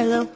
Hello.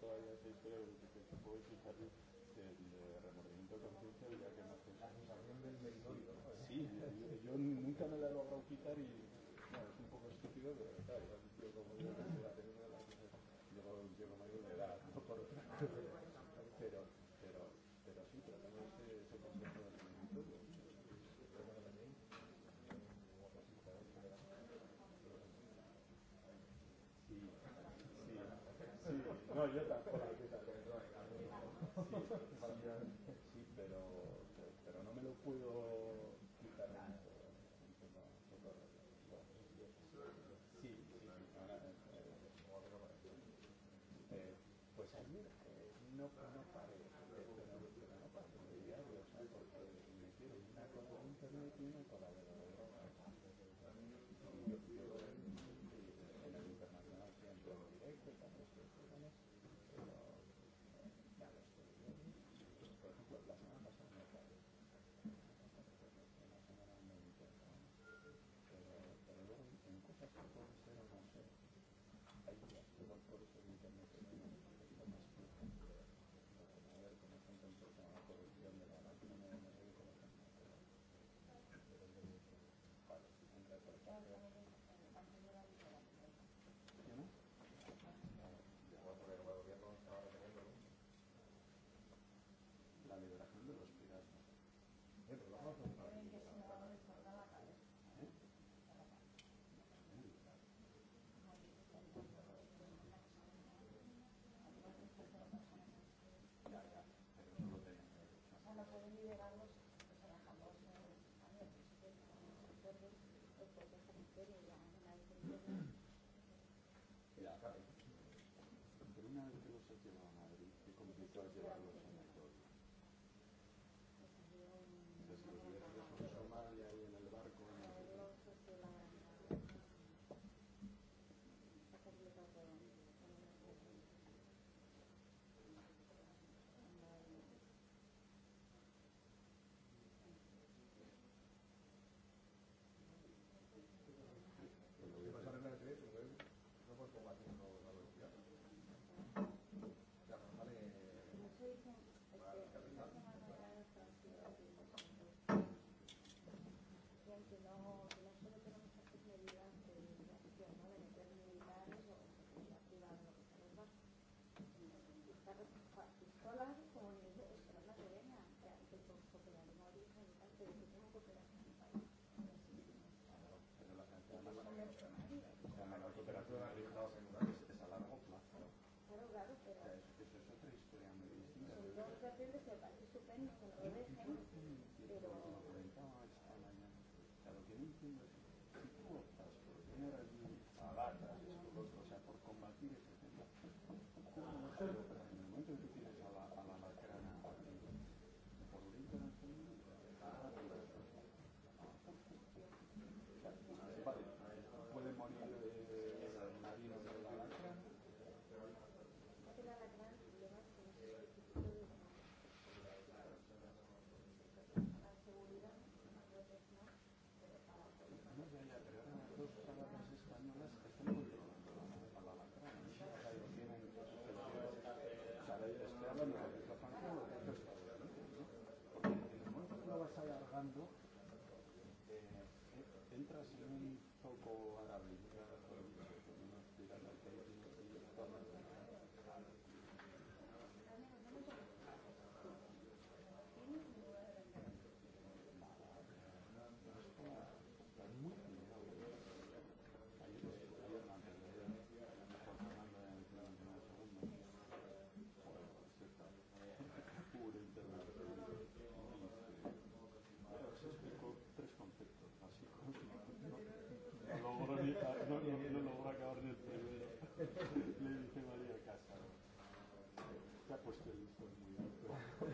todavía se historia de que se puede fijar el eh, remordimiento de conciencia ya que no se Sí, yo, yo nunca me la he logrado quitar y bueno, es un poco estúpido, pero claro, yo como yo no, no pare, pero, pero no pasa diario, o sea, porque me quiero una con internet y una con la verdad. vanduo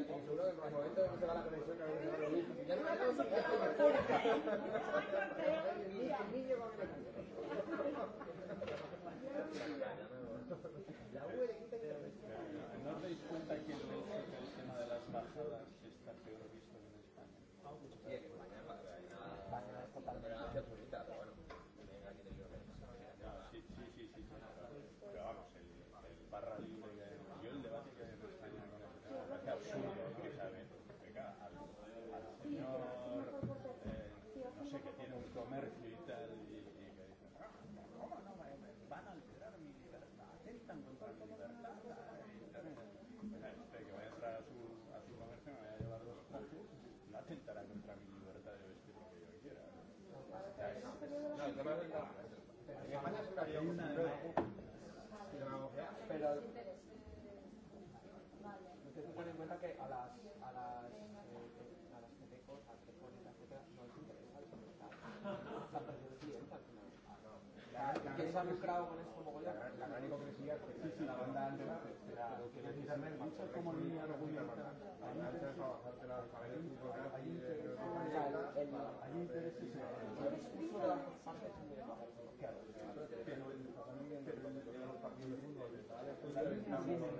el 31 de los 90 no se va a la comisión, no se va a lo mismo. Ya no me acuerdo. ha lucrado con esto mogollón. La gran hipocresía es que sí, sí, la banda antes era precisamente mucho como línea de orgullo. Antes trabajarte la cabeza de fútbol allí allí interesa el discurso de las partes pero el partido de fútbol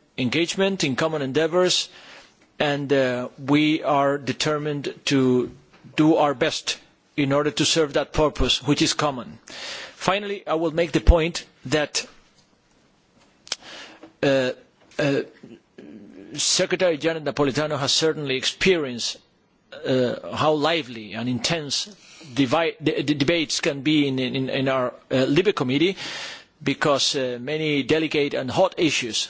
engagement, in common endeavours, and uh, we are determined to do our best in order to serve that purpose, which is common. Finally, I will make the point that uh, uh, Secretary Janet Napolitano has certainly experienced uh, how lively and intense divide, de de debates can be in, in, in our uh, Libre Committee because uh, many delicate and hot issues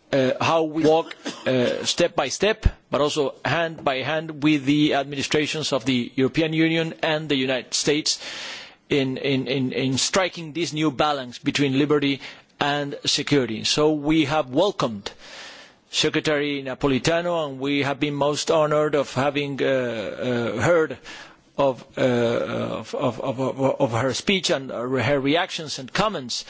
uh, how we walk uh, step by step, but also hand by hand with the administrations of the European Union and the United States in, in, in, in striking this new balance between liberty and security. So we have welcomed Secretary Napolitano, and we have been most honored of having uh, uh, heard of, uh, of, of, of, of her speech and her reactions and comments uh,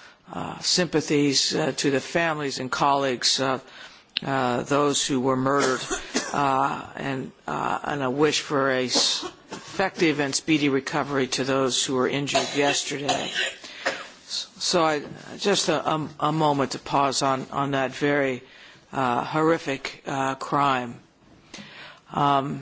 uh, sympathies uh, to the families and colleagues of uh, uh, those who were murdered uh, and, uh, and a wish for a s- effective and speedy recovery to those who were injured yesterday. So I, just a, a, a moment to pause on, on that very uh, horrific uh, crime. Um,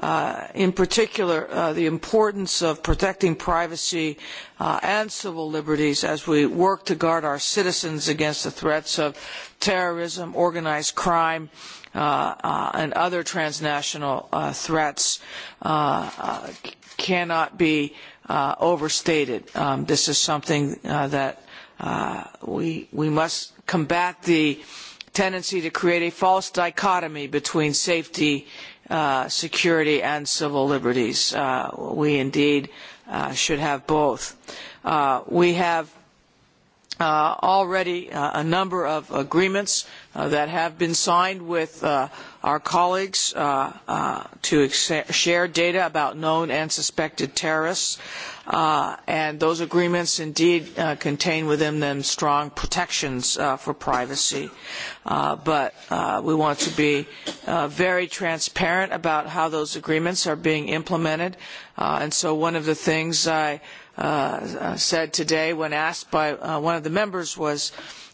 uh, in particular uh, the importance of protecting privacy uh, and civil liberties as we work to guard our citizens against the threats of terrorism, organized crime, uh, uh, and other transnational uh, threats uh, uh, cannot be uh, overstated. Um, this is something uh, that uh, we, we must combat the tendency to create a false dichotomy between safety uh, security and civil liberties. Uh, we indeed uh, should have both. Uh, we have uh, already uh, a number of agreements uh, that have been signed with uh, our colleagues uh, uh, to ex- share data about known and suspected terrorists. Uh, and those agreements indeed uh, contain within them strong protections uh, for privacy. Uh, but uh, we want to be uh, very transparent about how those agreements are being implemented. Uh, and so one of the things I uh, Uh, uh, said today when asked by uh, one of the members was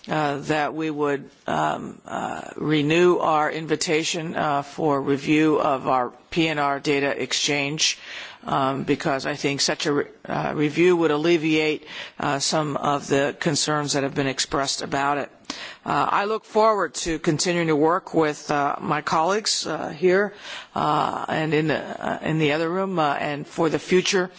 uh, that we would um, uh, renew our invitation uh, for review of our PNR data exchange um, because I think such a re uh, review would alleviate uh, some of the concerns that have been expressed about it. Uh, I look forward to continuing to work with uh, my colleagues uh, here uh, and in the, uh, in the other room uh, and for the future. Uh,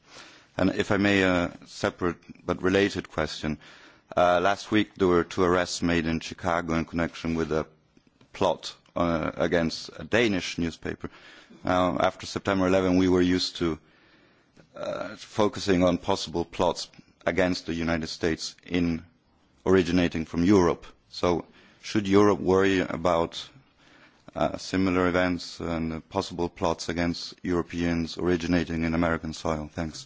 And if I may, a separate but related question. Uh, last week there were two arrests made in Chicago in connection with a plot uh, against a Danish newspaper. Now, after September 11, we were used to uh, focusing on possible plots against the United States in originating from Europe. So should Europe worry about uh, similar events and uh, possible plots against Europeans originating in American soil? Thanks.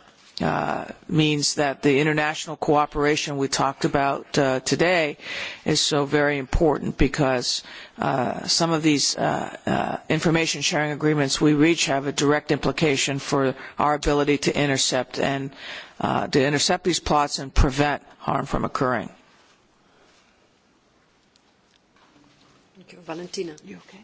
uh, means that the international cooperation we talked about uh, today is so very important because uh, some of these uh, uh, information sharing agreements we reach have a direct implication for our ability to intercept and uh, to intercept these plots and prevent harm from occurring. Thank you. Valentina, you okay?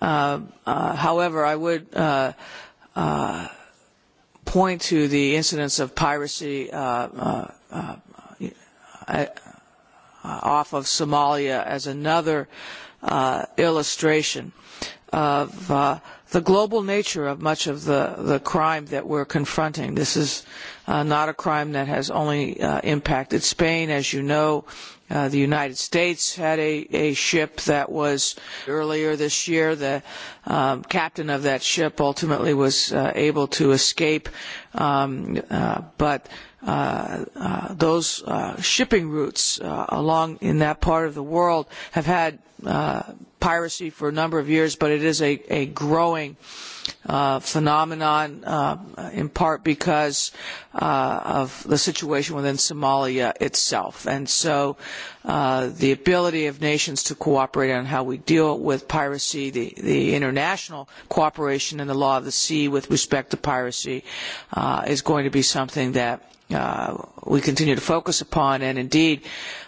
Uh, uh, however, I would uh, uh, point to the incidence of piracy uh, uh, uh, uh, off of Somalia as another uh, illustration of uh, the global nature of much of the, the crime that we're confronting. This is uh, uh, not a crime that has only uh, impacted Spain. As you know, uh, the United States had a, a ship that was earlier this year. The um, captain of that ship ultimately was uh, able to escape, um, uh, but uh, uh, those uh, shipping routes uh, along in that part of the world have had uh, piracy for a number of years, but it is a, a growing uh, phenomenon, uh, in part because uh, of the situation within Somalia itself. And so uh, the ability of nations to cooperate on how we deal with piracy, the, the international cooperation and the law of the sea with respect to piracy uh, is going to be something that uh, we continue to focus upon. And indeed, uh,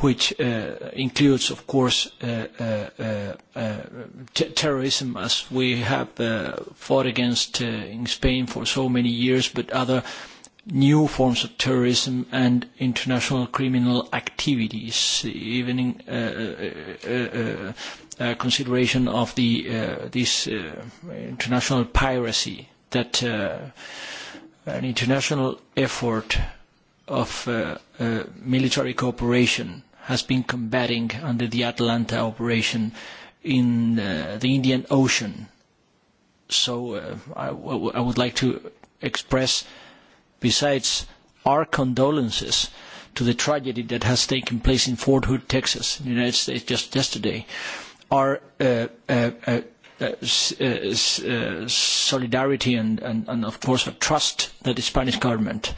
which uh, includes, of course, uh, uh, uh, uh t terrorism, as we have uh, fought against uh, in Spain for so many years, but other new forms of terrorism and international criminal activities, even in uh, uh, uh, uh, uh consideration of the uh, this uh, international piracy that uh, an international effort of uh, uh, military cooperation has been combating under the Atlanta operation in uh, the Indian Ocean. So uh, I, w I would like to express, besides our condolences to the tragedy that has taken place in Fort Hood, Texas, in the United States just yesterday, our uh, uh, uh, Uh, uh, uh, solidarity and, and, and of course a trust that the Spanish government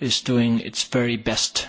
is doing its very best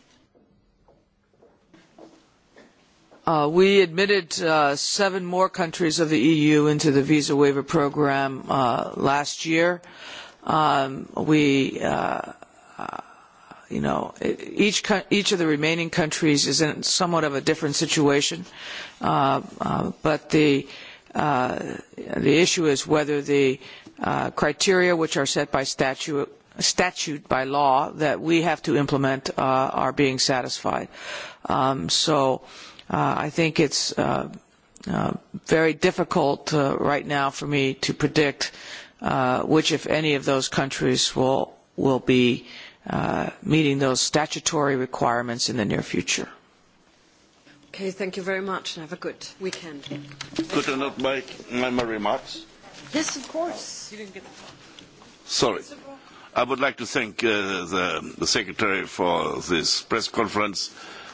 Uh, we admitted uh, seven more countries of the EU into the visa waiver program uh, last year. Um, we, uh, uh you know, e, each each of the remaining countries is in somewhat of a different situation, uh, uh, but the uh, the issue is whether the uh, criteria which are set by statute statute by law that we have to implement uh, are being satisfied. Um, so. Uh, Uh, I think it's uh, uh, very difficult uh, right now for me to predict uh, which, if any, of those countries will will be uh, meeting those statutory requirements in the near future. Okay, thank you very much, and have a good weekend. Could I not make my, my remarks? Yes, of course. You didn't get the phone. Sorry. I would like to thank uh, the, the Secretary for this press conference. Uh,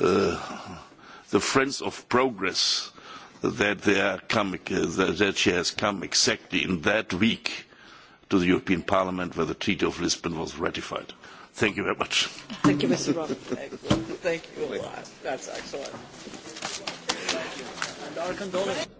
uh, the friends of progress that they are coming, uh, that she has come exactly in that week to the European Parliament where the Treaty of Lisbon was ratified. Thank you very much. Thank you, Mr. Robert. Thank you a lot. That's excellent. Thank you. And our condolences.